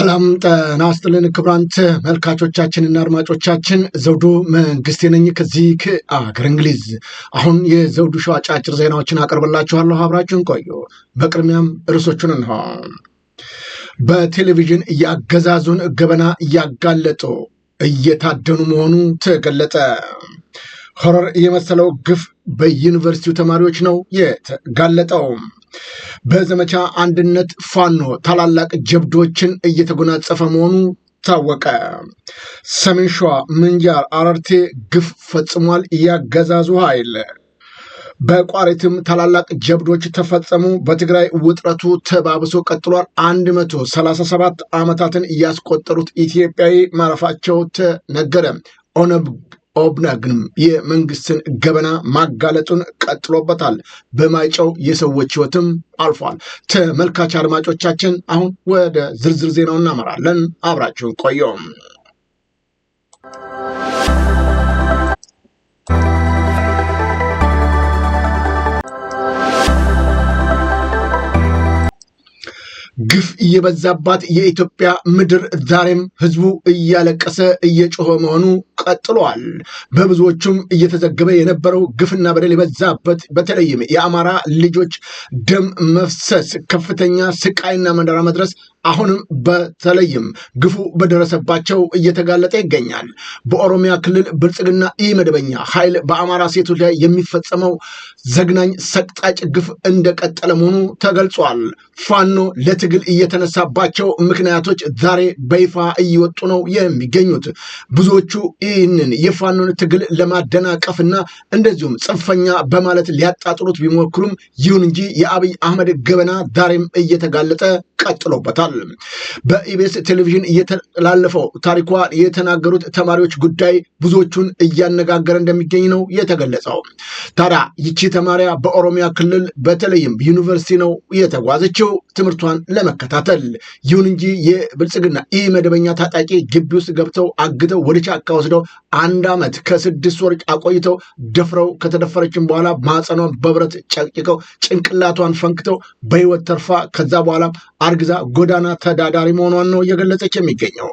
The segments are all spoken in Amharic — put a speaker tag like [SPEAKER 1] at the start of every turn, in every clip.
[SPEAKER 1] ሰላም ጤና ይስጥልን ክቡራን ተመልካቾቻችንና አድማጮቻችን ዘውዱ መንግስቴ ነኝ ከዚህ ከአገር እንግሊዝ። አሁን የዘውዱ ሾው አጫጭር ዜናዎችን አቀርብላችኋለሁ፣ አብራችሁን ቆዩ። በቅድሚያም እርሶቹን እንሆ። በቴሌቪዥን የአገዛዙን ገበና እያጋለጡ እየታደኑ መሆኑ ተገለጠ። ሆረር የመሰለው ግፍ በዩኒቨርሲቲው ተማሪዎች ነው የተጋለጠው። በዘመቻ አንድነት ፋኖ ታላላቅ ጀብዶችን እየተጎናጸፈ መሆኑ ታወቀ። ሰሜን ሸዋ ምንጃር አረርቴ ግፍ ፈጽሟል ያገዛዙ ኃይል። በቋሪትም ታላላቅ ጀብዶች ተፈጸሙ። በትግራይ ውጥረቱ ተባብሶ ቀጥሏል። 137 ዓመታትን እያስቆጠሩት ኢትዮጵያዊ ማረፋቸው ተነገረ። ኦነግ ኦብነግንም የመንግስትን ገበና ማጋለጡን ቀጥሎበታል። በማይጨው የሰዎች ህይወትም አልፏል። ተመልካች አድማጮቻችን፣ አሁን ወደ ዝርዝር ዜናው እናመራለን። አብራችሁን ቆየም ግፍ እየበዛባት የኢትዮጵያ ምድር ዛሬም ህዝቡ እያለቀሰ እየጮኸ መሆኑ ቀጥሏል። በብዙዎቹም እየተዘገበ የነበረው ግፍና በደል የበዛበት በተለይም የአማራ ልጆች ደም መፍሰስ፣ ከፍተኛ ስቃይና መንዳራ መድረስ አሁንም በተለይም ግፉ በደረሰባቸው እየተጋለጠ ይገኛል። በኦሮሚያ ክልል ብልጽግና ኢመደበኛ ኃይል በአማራ ሴቶች ላይ የሚፈጸመው ዘግናኝ ሰቅጣጭ ግፍ እንደቀጠለ መሆኑ ተገልጿል። ፋኖ ለትግል እየተነሳባቸው ምክንያቶች ዛሬ በይፋ እየወጡ ነው የሚገኙት ብዙዎቹ ይህንን የፋኖን ትግል ለማደናቀፍና እንደዚሁም ጽንፈኛ በማለት ሊያጣጥሉት ቢሞክሩም ይሁን እንጂ የአብይ አህመድ ገበና ዛሬም እየተጋለጠ ቀጥሎበታል። በኢቤስ ቴሌቪዥን እየተላለፈው ታሪኳ የተናገሩት ተማሪዎች ጉዳይ ብዙዎቹን እያነጋገረ እንደሚገኝ ነው የተገለጸው። ታዲያ ይቺ ተማሪያ በኦሮሚያ ክልል በተለይም ዩኒቨርሲቲ ነው የተጓዘችው ትምህርቷን ለመከታተል። ይሁን እንጂ የብልጽግና ኢ መደበኛ ታጣቂ ግቢ ውስጥ ገብተው አግተው ወደ ጫካ ወስደው ተወልደው አንድ ዓመት ከስድስት ወር አቆይተው ደፍረው ከተደፈረችን በኋላ ማፀኗን በብረት ጨቅጭቀው ጭንቅላቷን ፈንክተው በህይወት ተርፋ ከዛ በኋላ አርግዛ ጎዳና ተዳዳሪ መሆኗን ነው እየገለጸች የሚገኘው።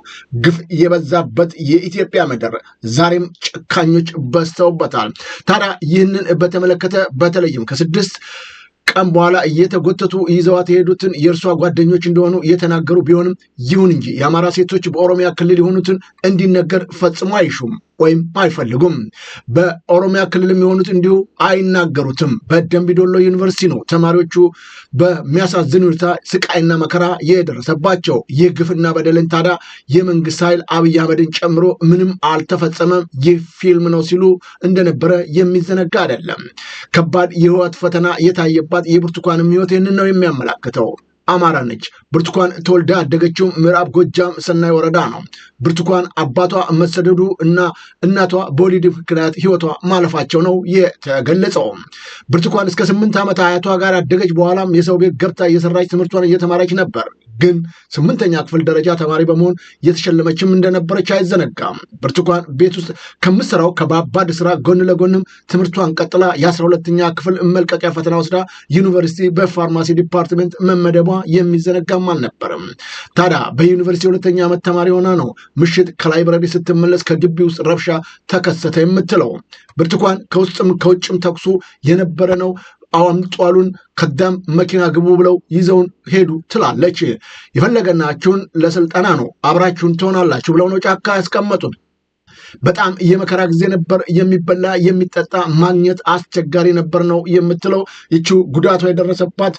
[SPEAKER 1] ግፍ የበዛበት የኢትዮጵያ ምድር ዛሬም ጭካኞች በዝተውበታል። ታዲያ ይህንን በተመለከተ በተለይም ከስድስት ቀን በኋላ እየተጎተቱ ይዘዋት የሄዱትን የእርሷ ጓደኞች እንደሆኑ እየተናገሩ ቢሆንም ይሁን እንጂ የአማራ ሴቶች በኦሮሚያ ክልል የሆኑትን እንዲነገር ፈጽሞ አይሹም። ወይም አይፈልጉም። በኦሮሚያ ክልል የሚሆኑት እንዲሁ አይናገሩትም። በደምቢዶሎ ዩኒቨርሲቲ ነው ተማሪዎቹ በሚያሳዝን ሁኔታ ስቃይና መከራ የደረሰባቸው። ይህ ግፍና በደልን ታዲያ የመንግስት ኃይል አብይ አህመድን ጨምሮ ምንም አልተፈጸመም፣ ይህ ፊልም ነው ሲሉ እንደነበረ የሚዘነጋ አይደለም። ከባድ የህይወት ፈተና የታየባት የብርቱካንም ህይወት ይህንን ነው የሚያመላክተው። አማራ ነች። ብርቱካን ተወልዳ ያደገችው ምዕራብ ጎጃም ሰናይ ወረዳ ነው። ብርቱካን አባቷ መሰደዱ እና እናቷ በወሊድ ምክንያት ህይወቷ ማለፋቸው ነው የተገለጸው። ብርቱካን እስከ ስምንት ዓመት አያቷ ጋር ያደገች በኋላም የሰው ቤት ገብታ እየሰራች ትምህርቷን እየተማረች ነበር። ግን ስምንተኛ ክፍል ደረጃ ተማሪ በመሆን እየተሸለመችም እንደነበረች አይዘነጋም። ብርቱካን ቤት ውስጥ ከምትሰራው ከባባድ ስራ ጎን ለጎንም ትምህርቷን ቀጥላ የአስራ ሁለተኛ ክፍል መልቀቂያ ፈተና ወስዳ ዩኒቨርሲቲ በፋርማሲ ዲፓርትመንት መመደቧ የሚዘነጋም አልነበረም። ታዲያ በዩኒቨርሲቲ ሁለተኛ ዓመት ተማሪ ሆና ነው ምሽት ከላይብረሪ ስትመለስ ከግቢ ውስጥ ረብሻ ተከሰተ የምትለው ብርቱካን። ከውስጥም ከውጭም ተኩሱ የነበረ ነው። ጧሉን ከዳም መኪና ግቡ ብለው ይዘውን ሄዱ ትላለች። የፈለገናችሁን ለስልጠና ነው አብራችሁን ትሆናላችሁ ብለው ነው ጫካ ያስቀመጡት። በጣም የመከራ ጊዜ ነበር። የሚበላ የሚጠጣ ማግኘት አስቸጋሪ ነበር ነው የምትለው ይቺ ጉዳቷ የደረሰባት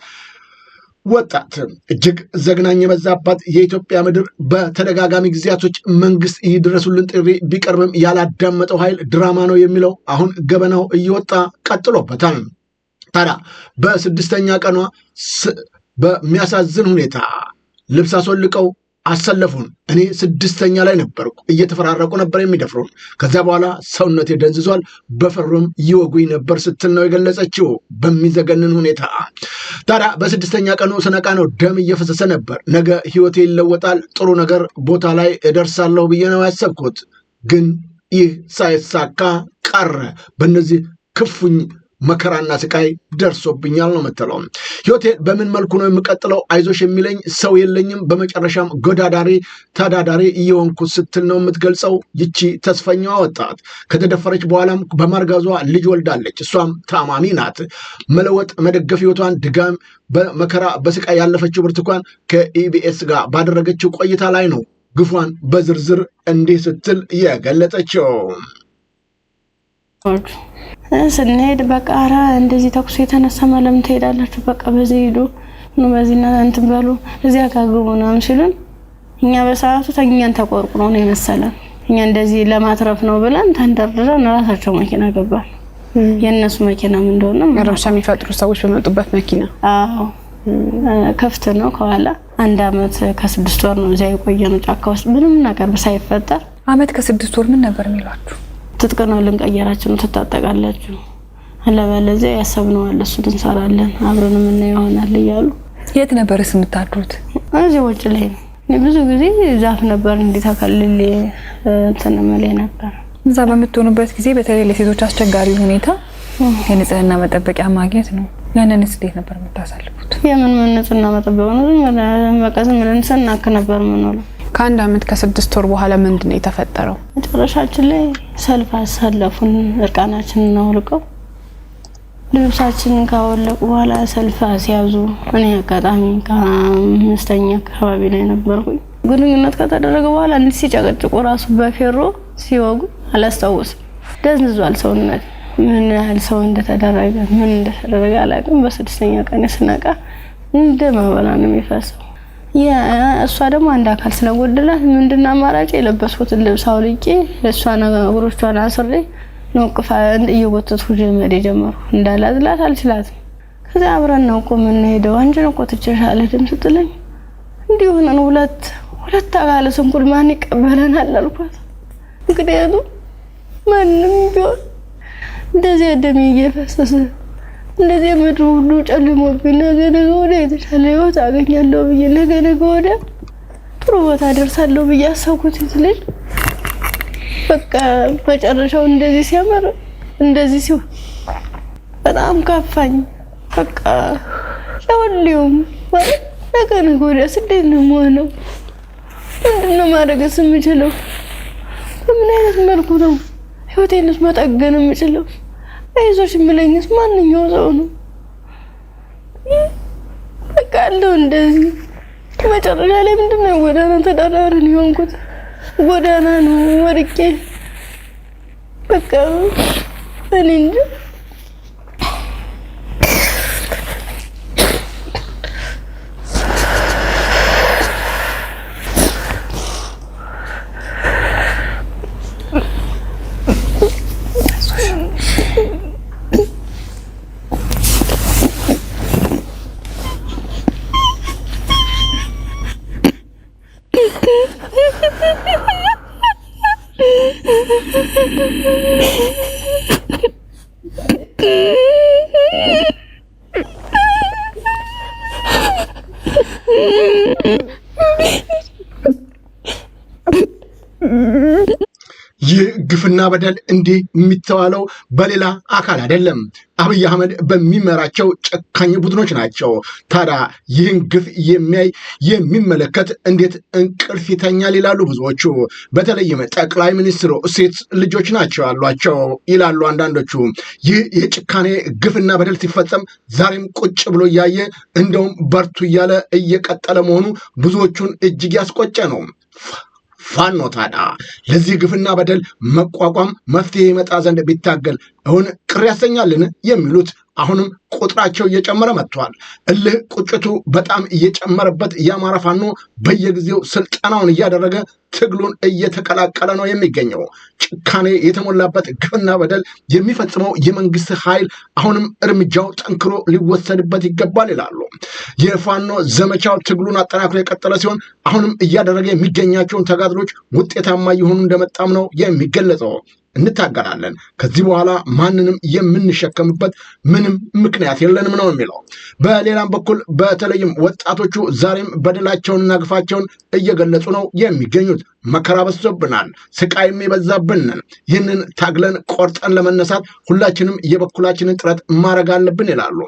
[SPEAKER 1] ወጣት እጅግ ዘግናኝ የበዛባት የኢትዮጵያ ምድር በተደጋጋሚ ጊዜያቶች መንግስት ይድረሱልን ጥሪ ቢቀርብም ያላዳመጠው ኃይል ድራማ ነው የሚለው አሁን ገበናው እየወጣ ቀጥሎበታል። ታዲያ በስድስተኛ ቀኗ በሚያሳዝን ሁኔታ ልብስ አስወልቀው አሰለፉን። እኔ ስድስተኛ ላይ ነበርኩ። እየተፈራረቁ ነበር የሚደፍሩን። ከዛ በኋላ ሰውነቴ ደንዝዟል፣ በፈሩም ይወጉኝ ነበር ስትል ነው የገለጸችው በሚዘገንን ሁኔታ። ታዲያ በስድስተኛ ቀኑ ስነቃ ነው ደም እየፈሰሰ ነበር። ነገ ህይወቴ ይለወጣል፣ ጥሩ ነገር ቦታ ላይ እደርሳለሁ ብዬ ነው ያሰብኩት። ግን ይህ ሳይሳካ ቀረ። በእነዚህ ክፉኝ መከራና ስቃይ ደርሶብኛል ነው የምትለው። ህይወቴ በምን መልኩ ነው የምቀጥለው? አይዞሽ የሚለኝ ሰው የለኝም። በመጨረሻም ጎዳዳሪ ተዳዳሪ እየሆንኩ ስትል ነው የምትገልጸው ይቺ ተስፈኛዋ ወጣት። ከተደፈረች በኋላም በማርጋዟ ልጅ ወልዳለች። እሷም ታማሚ ናት። መለወጥ መደገፍ ህይወቷን ድጋም በመከራ በስቃይ ያለፈችው ብርቱካን ከኢቢኤስ ጋር ባደረገችው ቆይታ ላይ ነው ግፏን በዝርዝር እንዲህ ስትል የገለጠችው
[SPEAKER 2] ስንሄድ በቃ ኧረ እንደዚህ ተኩስ የተነሳ ማለም ትሄዳላችሁ? በቃ በዚህ ሂዱ ኑ በዚህ እና እንትን በሉ እዚያ ጋር ግቡ ምናምን ሲሉን እኛ በሰዓቱ ተኛን ተቆርቁ ነው ነው የመሰለን እኛ እንደዚህ ለማትረፍ ነው ብለን ተንደርድረን ራሳቸው መኪና ገባል። የእነሱ ምን እንደሆነ
[SPEAKER 3] ረብሻ የሚፈጥሩ ሰዎች በመጡበት መኪና
[SPEAKER 2] አዎ፣ ክፍት ነው ከኋላ። አንድ አመት ከስድስት ወር ነው እዚያ የቆየነው ጫካ ውስጥ ምንም ነገር ሳይፈጠር።
[SPEAKER 3] አመት ከስድስት ወር ምን ነበር የሚሏችሁ?
[SPEAKER 2] ትጥቅ ነው ልንቀየራችሁ ነው ትታጠቃላችሁ፣ አለበለዚያ ያሰብነው እሱን እንሰራለን አብረን ምን ይሆናል እያሉ።
[SPEAKER 3] የት ነበርስ የምታድሩት?
[SPEAKER 2] እዚህ ውጭ ላይ ነው። ብዙ ጊዜ ዛፍ ነበር እንዴት አካልል ተነመለ ነበር።
[SPEAKER 3] እዛ በምትሆኑበት ጊዜ በተለይ ለሴቶች አስቸጋሪ ሁኔታ የንጽህና መጠበቂያ ማግኘት ነው። ያንንስ እንዴት ነበር የምታሳልፉት?
[SPEAKER 2] የምን ምን ንጽህና መጠበቅ ነው? ዝም ብለን ስናክ ነበር የምንውለው
[SPEAKER 3] ከአንድ አመት ከስድስት ወር በኋላ ምንድን ነው የተፈጠረው?
[SPEAKER 2] መጨረሻችን ላይ ሰልፍ አሳለፉን። እርቃናችንን አውልቀው ልብሳችንን ካወለቁ በኋላ ሰልፍ ሲያዙ እኔ አጋጣሚ ከአምስተኛ አካባቢ ላይ ነበርኩኝ። ግንኙነት ከተደረገ በኋላ እንዲህ ሲጨቀጭቁ ራሱ በፌሮ ሲወጉ አላስታውስም። ደንዝዟል ሰውነት። ምን ያህል ሰው እንደተደረገ ምን እንደተደረገ አላውቅም። በስድስተኛ ቀን ስነቃ እንደ ማበላ ነው የሚፈሰው እሷ ደግሞ አንድ አካል ስለጎደላት ምንድን አማራጭ የለበስኩትን ልብስ አውልቄ እሷን እግሮቿን አስሬ ነቅፋ እየጎተትኩ ጀመር የጀመርኩ እንዳላዝላት አልችላትም። ከዚያ አብረን ነው እኮ የምንሄደው አንቺን እኮ ትችልሻለሽ ድምፅ ስትለኝ እንዲሁ ሆነን ሁለት ሁለት አካለ ስንኩል ማን ይቀበለናል አልኳት። እንግዲህ ማንም ቢሆን እንደዚያ ደሜ እየፈሰሰ እንደዚህ ምድሩ ሁሉ ጨልሞብኝ ነገ ነገ ወዲያ የተሻለ ህይወት አገኛለሁ ብዬ ነገ ነገ ወዲያ ጥሩ ቦታ ደርሳለሁ ብዬ አሰብኩት ልጅ በቃ መጨረሻው እንደዚህ ሲያምር እንደዚህ ሲሆን በጣም ካፋኝ። በቃ ለወሊውም ማለት ነገ ነገ ወዲያ ስደት ነው የምሆነው። ምንድን ነው ማድረግስ የምችለው? በምን አይነት መልኩ ነው ህይወቴንስ መጠገን የምችለው? አይዞሽ የሚለኝስ ማንኛውም ሰው ነው? በቃ አለው እንደዚህ መጨረሻ ላይ ምንድን ነው ጎዳና ተዳዳሪን የሆንኩት ጎዳና ነው ወድቄ በቃ እኔ እንጂ
[SPEAKER 1] ግፍና በደል እንዲህ የሚተዋለው በሌላ አካል አይደለም፣ አብይ አህመድ በሚመራቸው ጨካኝ ቡድኖች ናቸው። ታዲያ ይህን ግፍ የሚያይ የሚመለከት እንዴት እንቅልፍ ይተኛል ይላሉ ብዙዎቹ። በተለይም ጠቅላይ ሚኒስትሩ ሴት ልጆች ናቸው ያሏቸው ይላሉ አንዳንዶቹ። ይህ የጭካኔ ግፍና በደል ሲፈጸም ዛሬም ቁጭ ብሎ እያየ እንደውም በርቱ እያለ እየቀጠለ መሆኑ ብዙዎቹን እጅግ ያስቆጨ ነው። ፋኖ ታዲያ ለዚህ ግፍና በደል መቋቋም መፍትሄ ይመጣ ዘንድ ቢታገል እሁን ቅር ያሰኛልን? የሚሉት አሁንም ቁጥራቸው እየጨመረ መጥቷል። እልህ ቁጭቱ በጣም እየጨመረበት የአማራ ፋኖ በየጊዜው ስልጠናውን እያደረገ ትግሉን እየተቀላቀለ ነው የሚገኘው። ጭካኔ የተሞላበት ግፍና በደል የሚፈጽመው የመንግስት ኃይል አሁንም እርምጃው ጠንክሮ ሊወሰድበት ይገባል ይላሉ። የፋኖ ዘመቻው ትግሉን አጠናክሮ የቀጠለ ሲሆን አሁንም እያደረገ የሚገኛቸውን ተጋድሎች ውጤታማ እየሆኑ እንደመጣም ነው የሚገለጸው። እንታገላለን። ከዚህ በኋላ ማንንም የምንሸከምበት ምንም ምክንያት የለንም ነው የሚለው። በሌላም በኩል በተለይም ወጣቶቹ ዛሬም በደላቸውንና ግፋቸውን እየገለጹ ነው የሚገኙት። መከራ በዝቶብናል፣ ስቃይም የሚበዛብንን ይህንን ታግለን ቆርጠን ለመነሳት ሁላችንም የበኩላችንን ጥረት ማድረግ አለብን ይላሉ።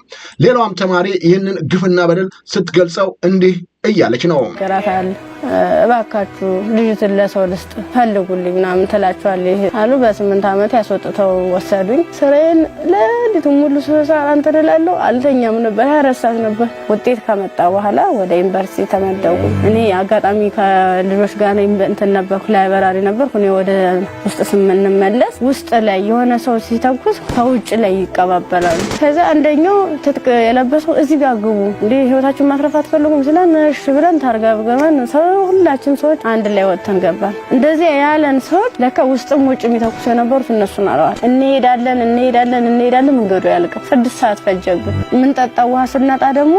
[SPEAKER 1] ሌላዋም ተማሪ ይህንን ግፍና በደል ስትገልጸው እንዲህ እያለች ነው
[SPEAKER 2] እባካችሁ ልጅትን ለሰው ልስጥ ፈልጉልኝ ምናምን ትላችኋለች አሉ። በስምንት ዓመት ያስወጥተው ወሰዱኝ። ስራዬን ለእንዲቱ ሙሉ ስሰራ እንትን እላለሁ። አልተኛም ነበር ያረሳት ነበር። ውጤት ከመጣ በኋላ ወደ ዩኒቨርሲቲ ተመደጉ። እኔ አጋጣሚ ከልጆች ጋር እንትን ነበርኩ፣ ላይበራሪ በራሪ ነበርኩ። እኔ ወደ ውስጥ ስምንመለስ ውስጥ ላይ የሆነ ሰው ሲተኩስ ከውጭ ላይ ይቀባበላሉ። ከዛ አንደኛው ትጥቅ የለበሰው እዚህ ጋር ግቡ እንዲህ ህይወታችን ማስረፍ አትፈልጉም ስለ እሺ ብለን ታርጋ ብገባን ሰው ሁላችን ሰዎች አንድ ላይ ወጥተን ገባል። እንደዚያ ያለን ሰዎች ለካ ውስጥም ውጭ የሚተኩሱ የነበሩት እነሱን አለዋል። እንሄዳለን እንሄዳለን እንሄዳለን መንገዱ ያልቀው ስድስት ሰዓት ፈጀብን። የምንጠጣ ውሃ ስናጣ ደግሞ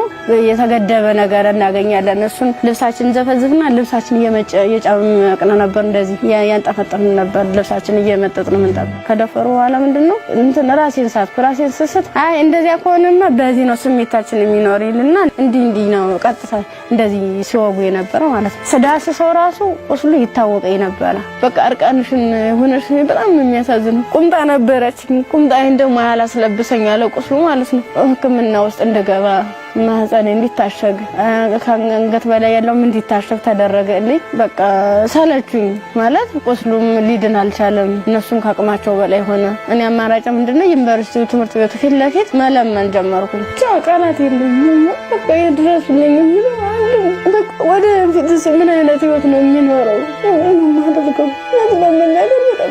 [SPEAKER 2] የተገደበ ነገር እናገኛለን። እሱን ልብሳችን ዘፈዝፍና ልብሳችን እየጨመቅን ነበር፣ እንደዚህ ያንጠፈጠፍን ነበር። ልብሳችን እየመጠጥን ምንጠ ከደፈሩ በኋላ ምንድን ነው እንትን ራሴን ሳትኩ። ራሴን ስስት አይ እንደዚያ ከሆነማ በዚህ ነው ስሜታችን የሚኖር ይልና እንዲህ እንዲህ ነው ቀጥታ እንደዚህ ሲወጉ የነበረው ማለት ነው። ስዳስሰው ራሱ ቁስሉ ይታወቀኝ ነበረ። በቃ እርቃንሽን ሆነሽ በጣም የሚያሳዝን ቁምጣ ነበረች። ቁምጣዬን ደግሞ ያላስለብሰኝ ያለ ቁስሉ ማለት ነው። ሕክምና ውስጥ እንደገባ ማህፀኔ እንዲታሸግ ከአንገት በላይ ያለውም እንዲታሸግ ተደረገልኝ። በቃ ሰለችኝ ማለት ቁስሉም ሊድን አልቻለም። እነሱም ከአቅማቸው በላይ ሆነ። እኔ አማራጭ ምንድነው ዩኒቨርሲቲ ትምህርት ቤቱ ፊት ለፊት መለመን ጀመርኩኝ። ቃላት የለኝም በቃ የድረሱልኝ ወደ ፊት ምን አይነት ህይወት ነው የሚኖረው? በጣም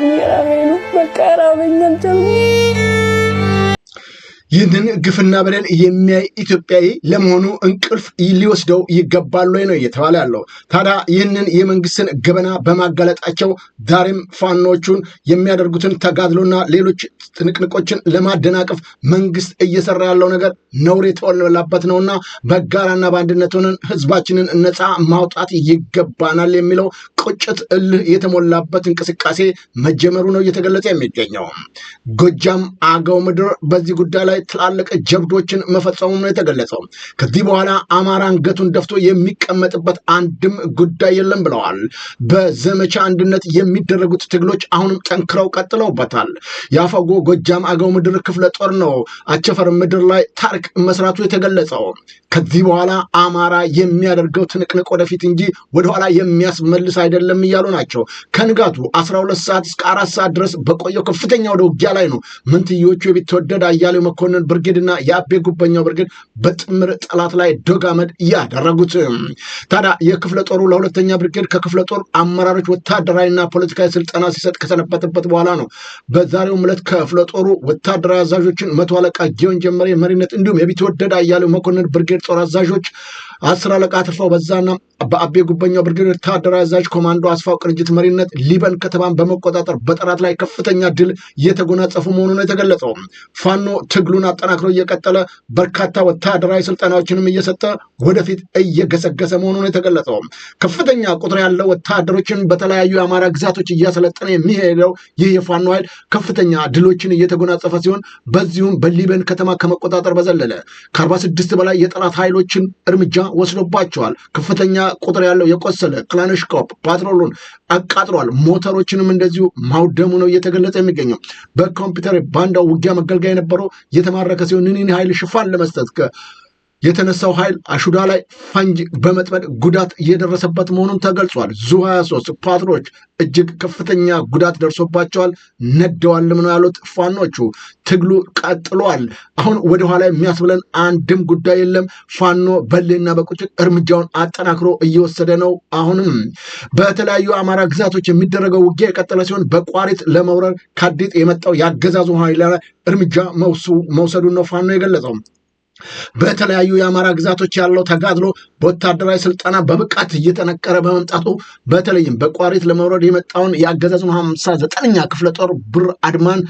[SPEAKER 2] እየራበኝ ነው። በቃ ራበኛል።
[SPEAKER 1] ይህንን ግፍና በደል የሚያይ ኢትዮጵያዊ ለመሆኑ እንቅልፍ ሊወስደው ይገባል ወይ ነው እየተባለ ያለው። ታዲያ ይህንን የመንግስትን ገበና በማጋለጣቸው ዛሬም ፋኖቹን የሚያደርጉትን ተጋድሎና ሌሎች ትንቅንቆችን ለማደናቀፍ መንግስት እየሰራ ያለው ነገር ነውር የተሞላበት ነውና በጋራና በአንድነት ሆነን ህዝባችንን ነፃ ማውጣት ይገባናል የሚለው ቁጭት፣ እልህ የተሞላበት እንቅስቃሴ መጀመሩ ነው እየተገለጸ የሚገኘው። ጎጃም አገው ምድር በዚህ ጉዳይ ላይ ትላልቅ ጀብዶችን መፈጸሙ ነው የተገለጸው። ከዚህ በኋላ አማራ አንገቱን ደፍቶ የሚቀመጥበት አንድም ጉዳይ የለም ብለዋል። በዘመቻ አንድነት የሚደረጉት ትግሎች አሁንም ጠንክረው ቀጥለውበታል። የአፈጎ ጎጃም አገው ምድር ክፍለ ጦር ነው አቸፈር ምድር ላይ ታሪክ መስራቱ የተገለጸው። ከዚህ በኋላ አማራ የሚያደርገው ትንቅንቅ ወደፊት እንጂ ወደኋላ የሚያስመልስ አይደለም እያሉ ናቸው። ከንጋቱ 12 ሰዓት እስከ አራት ሰዓት ድረስ በቆየው ከፍተኛ ወደ ውጊያ ላይ ነው ምንትዮቹ የቢትወደድ አያሌው መኮንን የመኮንን ብርጌድና የአቤ ጉበኛው ብርጌድ በጥምር ጠላት ላይ ዶጋመድ እያደረጉት ታዲያ የክፍለ ጦሩ ለሁለተኛ ብርጌድ ከክፍለ ጦር አመራሮች ወታደራዊና ፖለቲካዊ ስልጠና ሲሰጥ ከሰነበተበት በኋላ ነው። በዛሬው ዕለት ክፍለ ጦሩ ወታደራዊ አዛዦችን መቶ አለቃ ጊዮን ጀመሬ መሪነት እንዲሁም የቢትወደድ አያሌው መኮንን ብርጌድ ጦር አዛዦች አስር አለቃ አትርፋው በዛና በአቤ ጉበኛው ብርጌድ ወታደራዊ አዛዥ ኮማንዶ አስፋው ቅንጅት መሪነት ሊበን ከተማን በመቆጣጠር በጠራት ላይ ከፍተኛ ድል እየተጎናጸፉ መሆኑ ነው የተገለጸው። ፋኖ ትግሉን አጠናክሮ እየቀጠለ በርካታ ወታደራዊ ስልጠናዎችንም እየሰጠ ወደፊት እየገሰገሰ መሆኑ ነው የተገለጸው። ከፍተኛ ቁጥር ያለው ወታደሮችን በተለያዩ የአማራ ግዛቶች እያሰለጠነ የሚሄደው ይህ የፋኖ ኃይል ከፍተኛ ድሎችን እየተጎናጸፈ ሲሆን በዚሁም በሊበን ከተማ ከመቆጣጠር በዘለለ ከአርባ ስድስት በላይ የጠላት ኃይሎችን እርምጃ ወስዶባቸዋል። ከፍተኛ ቁጥር ያለው የቆሰለ ክላንሽኮፕ ፓትሮሉን አቃጥሯል። ሞተሮችንም እንደዚሁ ማውደሙ ነው እየተገለጸ የሚገኘው። በኮምፒውተር ባንዳው ውጊያ መገልገያ የነበረው የተማረከ ሲሆን ይህን ኃይል ሽፋን ለመስጠት የተነሳው ኃይል አሹዳ ላይ ፈንጅ በመጥመድ ጉዳት እየደረሰበት መሆኑን ተገልጿል። ዙ 23 ፓትሮች እጅግ ከፍተኛ ጉዳት ደርሶባቸዋል፣ ነደዋልም ነው ያሉት ፋኖቹ። ትግሉ ቀጥሏል። አሁን ወደኋላ የሚያስብለን አንድም ጉዳይ የለም። ፋኖ በሌና በቁጭት እርምጃውን አጠናክሮ እየወሰደ ነው። አሁንም በተለያዩ አማራ ግዛቶች የሚደረገው ውጊያ የቀጠለ ሲሆን በቋሪት ለመውረር ከአዲት የመጣው የአገዛዙ ኃይል እርምጃ መውሰዱን ነው ፋኖ የገለጸው። በተለያዩ የአማራ ግዛቶች ያለው ተጋድሎ በወታደራዊ ስልጠና በብቃት እየጠነቀረ በመምጣቱ በተለይም በቋሪት ለመውረድ የመጣውን የአገዛዙን ሀምሳ ዘጠነኛ ክፍለ ጦር ብር አድማን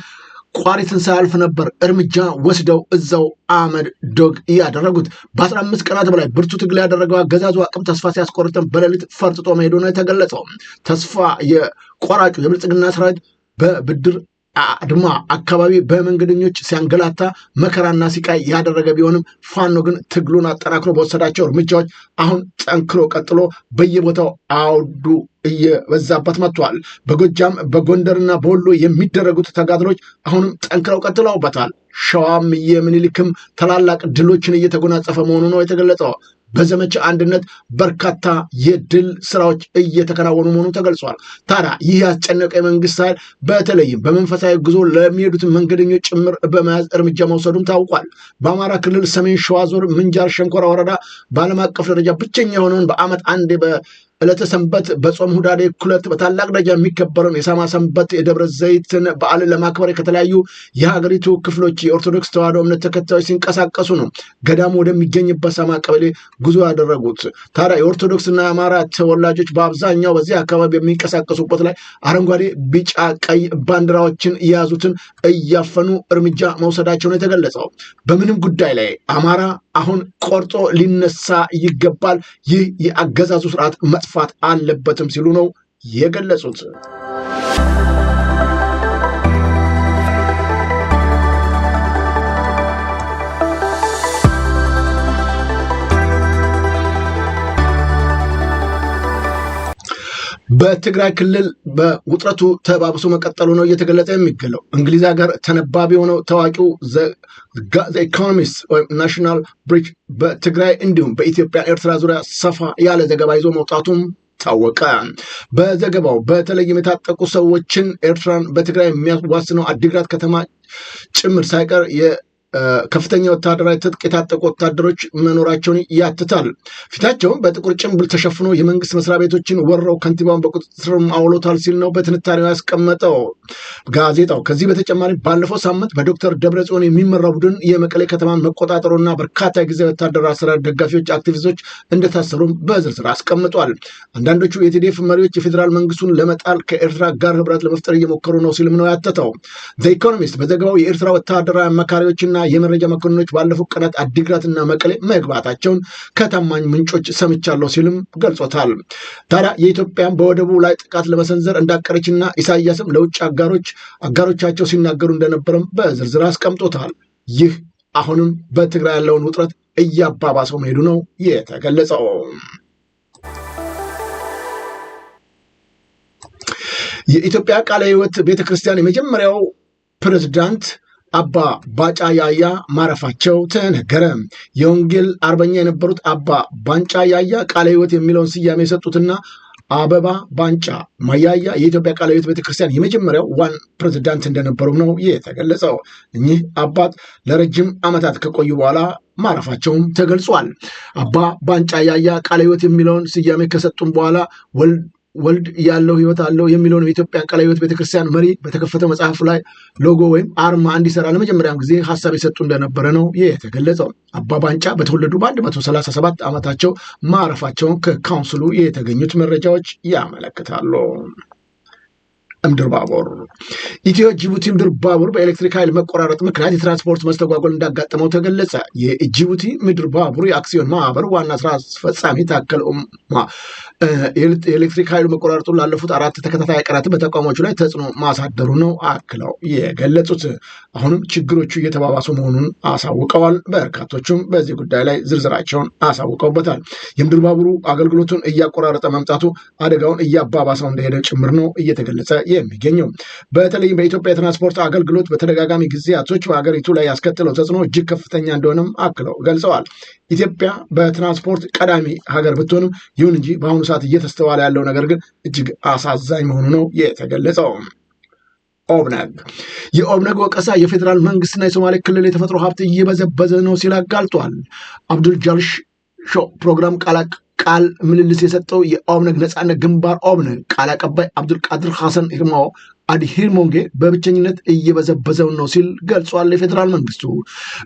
[SPEAKER 1] ቋሪትን ሳያልፍ ነበር እርምጃ ወስደው እዛው አመድ ዶግ ያደረጉት። በአስራ አምስት ቀናት በላይ ብርቱ ትግል ያደረገው አገዛዙ አቅም ተስፋ ሲያስቆርጠን በሌሊት ፈርጥጦ መሄዱ ነው የተገለጸው። ተስፋ የቆራጩ የብልጽግና ሰራዊት በብድር አድማ አካባቢ በመንገደኞች ሲያንገላታ መከራና ሲቃይ ያደረገ ቢሆንም ፋኖ ግን ትግሉን አጠናክሮ በወሰዳቸው እርምጃዎች አሁን ጠንክሮ ቀጥሎ በየቦታው አውዱ እየበዛበት መጥቷል። በጎጃም በጎንደርና በወሎ የሚደረጉት ተጋድሎች አሁንም ጠንክረው ቀጥለውበታል። ሸዋም የምኒልክም ታላላቅ ድሎችን እየተጎናጸፈ መሆኑ ነው የተገለጸው። በዘመቻ አንድነት በርካታ የድል ስራዎች እየተከናወኑ መሆኑ ተገልጿል። ታዲያ ይህ ያስጨነቀ የመንግስት ኃይል በተለይም በመንፈሳዊ ጉዞ ለሚሄዱት መንገደኞች ጭምር በመያዝ እርምጃ መውሰዱም ታውቋል። በአማራ ክልል ሰሜን ሸዋ ዞር ምንጃር ሸንኮራ ወረዳ በዓለም አቀፍ ደረጃ ብቸኛ የሆነውን በአመት አንዴ ዕለተ ሰንበት በጾም ሁዳዴ ኩለት በታላቅ ደረጃ የሚከበረውን የሳማ ሰንበት የደብረ ዘይትን በዓል ለማክበር ከተለያዩ የሀገሪቱ ክፍሎች የኦርቶዶክስ ተዋሕዶ እምነት ተከታዮች ሲንቀሳቀሱ ነው ገዳሙ ወደሚገኝበት ሳማ ቀበሌ ጉዞ ያደረጉት። ታዲያ የኦርቶዶክስና አማራ ተወላጆች በአብዛኛው በዚህ አካባቢ የሚንቀሳቀሱበት ላይ አረንጓዴ፣ ቢጫ፣ ቀይ ባንዲራዎችን የያዙትን እያፈኑ እርምጃ መውሰዳቸውን የተገለጸው በምንም ጉዳይ ላይ አማራ አሁን ቆርጦ ሊነሳ ይገባል። ይህ የአገዛዙ ስርዓት መጥፎ መስፋት አለበትም ሲሉ ነው የገለጹት። በትግራይ ክልል በውጥረቱ ተባብሶ መቀጠሉ ነው እየተገለጸ የሚገለው። እንግሊዝ ሀገር ተነባቢ የሆነው ታዋቂው ኢኮኖሚስት ወይም ናሽናል ብሪጅ በትግራይ እንዲሁም በኢትዮጵያ ኤርትራ ዙሪያ ሰፋ ያለ ዘገባ ይዞ መውጣቱም ታወቀ። በዘገባው በተለይም የታጠቁ ሰዎችን ኤርትራን በትግራይ የሚያዋስነው አዲግራት ከተማ ጭምር ሳይቀር ከፍተኛ ወታደራዊ ትጥቅ የታጠቁ ወታደሮች መኖራቸውን ያትታል። ፊታቸውን በጥቁር ጭንብል ተሸፍኖ የመንግስት መስሪያ ቤቶችን ወረው ከንቲባውን በቁጥጥር አውሎታል ሲል ነው በትንታኔው ያስቀመጠው ጋዜጣው። ከዚህ በተጨማሪ ባለፈው ሳምንት በዶክተር ደብረጽዮን የሚመራ ቡድን የመቀሌ ከተማን መቆጣጠሩና በርካታ ጊዜ ወታደራዊ አሰራር ደጋፊዎች፣ አክቲቪስቶች እንደታሰሩም በዝርዝር አስቀምጧል። አንዳንዶቹ የቲዴፍ መሪዎች የፌዴራል መንግስቱን ለመጣል ከኤርትራ ጋር ህብረት ለመፍጠር እየሞከሩ ነው ሲልም ነው ያተተው። ዘ ኢኮኖሚስት በዘገባው የኤርትራ ወታደራዊ አማካሪዎችና የመረጃ መኮንኖች ባለፉት ቀናት አዲግራትና መቀሌ መግባታቸውን ከታማኝ ምንጮች ሰምቻለሁ ሲልም ገልጾታል። ታዲያ የኢትዮጵያን በወደቡ ላይ ጥቃት ለመሰንዘር እንዳቀረችና ኢሳያስም ለውጭ አጋሮች አጋሮቻቸው ሲናገሩ እንደነበረም በዝርዝር አስቀምጦታል። ይህ አሁንም በትግራይ ያለውን ውጥረት እያባባሰው መሄዱ ነው የተገለጸው። የኢትዮጵያ ቃለ ሕይወት ቤተክርስቲያን የመጀመሪያው ፕሬዝዳንት አባ ባጫ ያያ ማረፋቸው ተነገረ። የወንጌል አርበኛ የነበሩት አባ ባንጫ ያያ ቃለ ሕይወት የሚለውን ስያሜ የሰጡትና አበባ ባንጫ ማያያ የኢትዮጵያ ቃለ ሕይወት ቤተክርስቲያን የመጀመሪያው ዋን ፕሬዚዳንት እንደነበሩ ነው የተገለጸው። እኚህ አባት ለረጅም ዓመታት ከቆዩ በኋላ ማረፋቸውም ተገልጿል። አባ ባንጫ ያያ ቃለ ሕይወት የሚለውን ስያሜ ከሰጡም በኋላ ወልድ ያለው ህይወት አለው የሚለውን የኢትዮጵያ ቃለ ህይወት ቤተክርስቲያን መሪ በተከፈተው መጽሐፍ ላይ ሎጎ ወይም አርማ እንዲሰራ ለመጀመሪያም ጊዜ ሀሳብ የሰጡ እንደነበረ ነው ይህ የተገለጸው። አባ ባንጫ በተወለዱ በ137 ዓመታቸው ማረፋቸውን ከካውንስሉ የተገኙት መረጃዎች ያመለክታሉ። ምድር ባቡር ኢትዮ ጅቡቲ ምድር ባቡር በኤሌክትሪክ ኃይል መቆራረጥ ምክንያት የትራንስፖርት መስተጓጎል እንዳጋጠመው ተገለጸ። የጅቡቲ ምድር ባቡር የአክሲዮን ማህበር ዋና ስራ አስፈጻሚ ታከል ኡማ የኤሌክትሪክ ኃይሉ መቆራረጡን ላለፉት አራት ተከታታይ ቀናት በተቋሞቹ ላይ ተጽዕኖ ማሳደሩ ነው አክለው የገለጹት። አሁንም ችግሮቹ እየተባባሱ መሆኑን አሳውቀዋል። በርካቶቹም በዚህ ጉዳይ ላይ ዝርዝራቸውን አሳውቀውበታል። የምድር ባቡሩ አገልግሎቱን እያቆራረጠ መምጣቱ አደጋውን እያባባሰው እንደሄደ ጭምር ነው እየተገለጸ የሚገኘው። በተለይም በኢትዮጵያ የትራንስፖርት አገልግሎት በተደጋጋሚ ጊዜያቶች በሀገሪቱ ላይ ያስከተለው ተጽዕኖ እጅግ ከፍተኛ እንደሆነም አክለው ገልጸዋል። ኢትዮጵያ በትራንስፖርት ቀዳሚ ሀገር ብትሆንም ይሁን እንጂ በአሁኑ ሰዓት እየተስተዋለ ያለው ነገር ግን እጅግ አሳዛኝ መሆኑ ነው የተገለጸው። ኦብነግ የኦብነግ ወቀሳ የፌዴራል መንግስትና የሶማሌ ክልል የተፈጥሮ ሀብት እየበዘበዘ ነው ሲል አጋልጧል። አብዱል ጃልሽ ሾ ፕሮግራም ቃላቅ ቃል ምልልስ የሰጠው የኦብነግ ነፃነት ግንባር ኦብነግ ቃል አቀባይ አብዱልቃድር ሐሰን አድሂር ሞንጌ በብቸኝነት እየበዘበዘው ነው ሲል ገልጿል። የፌዴራል መንግስቱ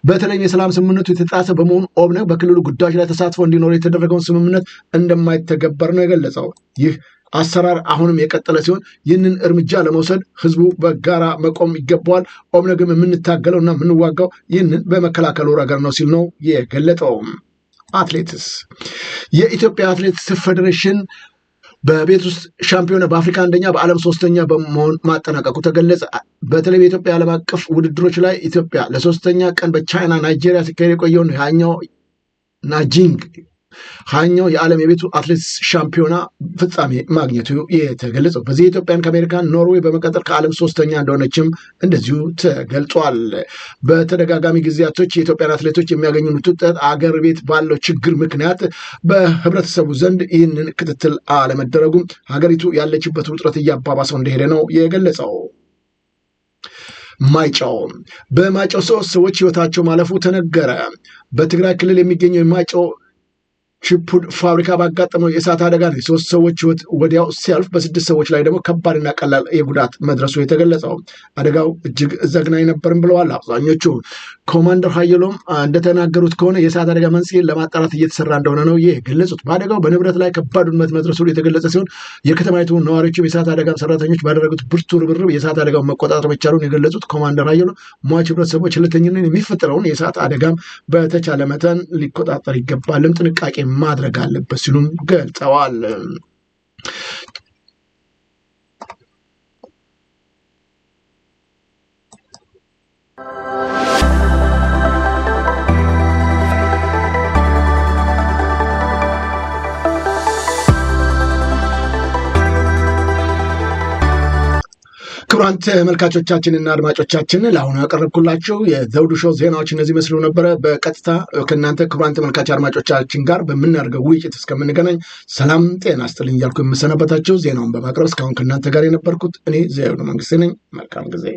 [SPEAKER 1] በተለይም የሰላም ስምምነቱ የተጣሰ በመሆኑ ኦብነግ በክልሉ ጉዳዮች ላይ ተሳትፎ እንዲኖር የተደረገውን ስምምነት እንደማይተገበር ነው የገለጸው። ይህ አሰራር አሁንም የቀጠለ ሲሆን ይህንን እርምጃ ለመውሰድ ህዝቡ በጋራ መቆም ይገባዋል። ኦብነግም እና የምንዋጋው ይህንን በመከላከሉ ረገድ ነው ሲል ነው የገለጠው። አትሌቲክስ የኢትዮጵያ አትሌቲክስ ፌዴሬሽን በቤት ውስጥ ሻምፒዮና በአፍሪካ አንደኛ በዓለም ሶስተኛ በመሆን ማጠናቀቁ ተገለጸ። በተለይ በኢትዮጵያ ዓለም አቀፍ ውድድሮች ላይ ኢትዮጵያ ለሶስተኛ ቀን በቻይና ናይጄሪያ ሲካሄድ የቆየውን ያኛው ናጂንግ ሀያኛው የዓለም የቤቱ አትሌቲክስ ሻምፒዮና ፍጻሜ ማግኘቱ የተገለጸው በዚህ ኢትዮጵያን ከአሜሪካ ኖርዌይ በመቀጠል ከዓለም ሶስተኛ እንደሆነችም እንደዚሁ ተገልጿል። በተደጋጋሚ ጊዜያቶች የኢትዮጵያን አትሌቶች የሚያገኙት ውጤት አገር ቤት ባለው ችግር ምክንያት በህብረተሰቡ ዘንድ ይህንን ክትትል አለመደረጉም ሀገሪቱ ያለችበት ውጥረት እያባባሰው እንደሄደ ነው የገለጸው። ማይጨው በማይጨው ሶስት ሰዎች ህይወታቸው ማለፉ ተነገረ። በትግራይ ክልል የሚገኘው የማይጨው ቺፑድ ፋብሪካ ባጋጠመው የእሳት አደጋ ነው የሶስት ሰዎች ህይወት ወዲያው ሲያልፍ በስድስት ሰዎች ላይ ደግሞ ከባድና ቀላል የጉዳት መድረሱ የተገለጸው አደጋው እጅግ ዘግናኝ ነበርም ብለዋል አብዛኞቹ። ኮማንደር ሀየሎም እንደተናገሩት ከሆነ የእሳት አደጋ መንስኤ ለማጣራት እየተሰራ እንደሆነ ነው ይህ የገለጹት። በአደጋው በንብረት ላይ ከባድ ውድመት መድረሱ የተገለጸ ሲሆን የከተማይቱ ነዋሪዎችም የእሳት አደጋ ሰራተኞች ባደረጉት ብርቱ ርብርብ የእሳት አደጋውን መቆጣጠር መቻሉን የገለጹት ኮማንደር ሀየሎም ሟች ህብረተሰቦች ሁለተኝነት የሚፈጥረውን የእሳት አደጋም በተቻለ መጠን ሊቆጣጠር ይገባልም ጥንቃቄ ማድረግ አለበት ሲሉም ገልጸዋል። ክቡራን ተመልካቾቻችንና አድማጮቻችን ለአሁኑ ያቀረብኩላችሁ የዘውዱ ሾው ዜናዎች እነዚህ መስሉ ነበረ። በቀጥታ ከእናንተ ክቡራን ተመልካች አድማጮቻችን ጋር በምናደርገው ውይይት እስከምንገናኝ ሰላም ጤና ስጥልኝ እያልኩ የምሰነበታቸው ዜናውን በማቅረብ እስካሁን ከእናንተ ጋር የነበርኩት እኔ ዘውዱ መንግስት ነኝ። መልካም ጊዜ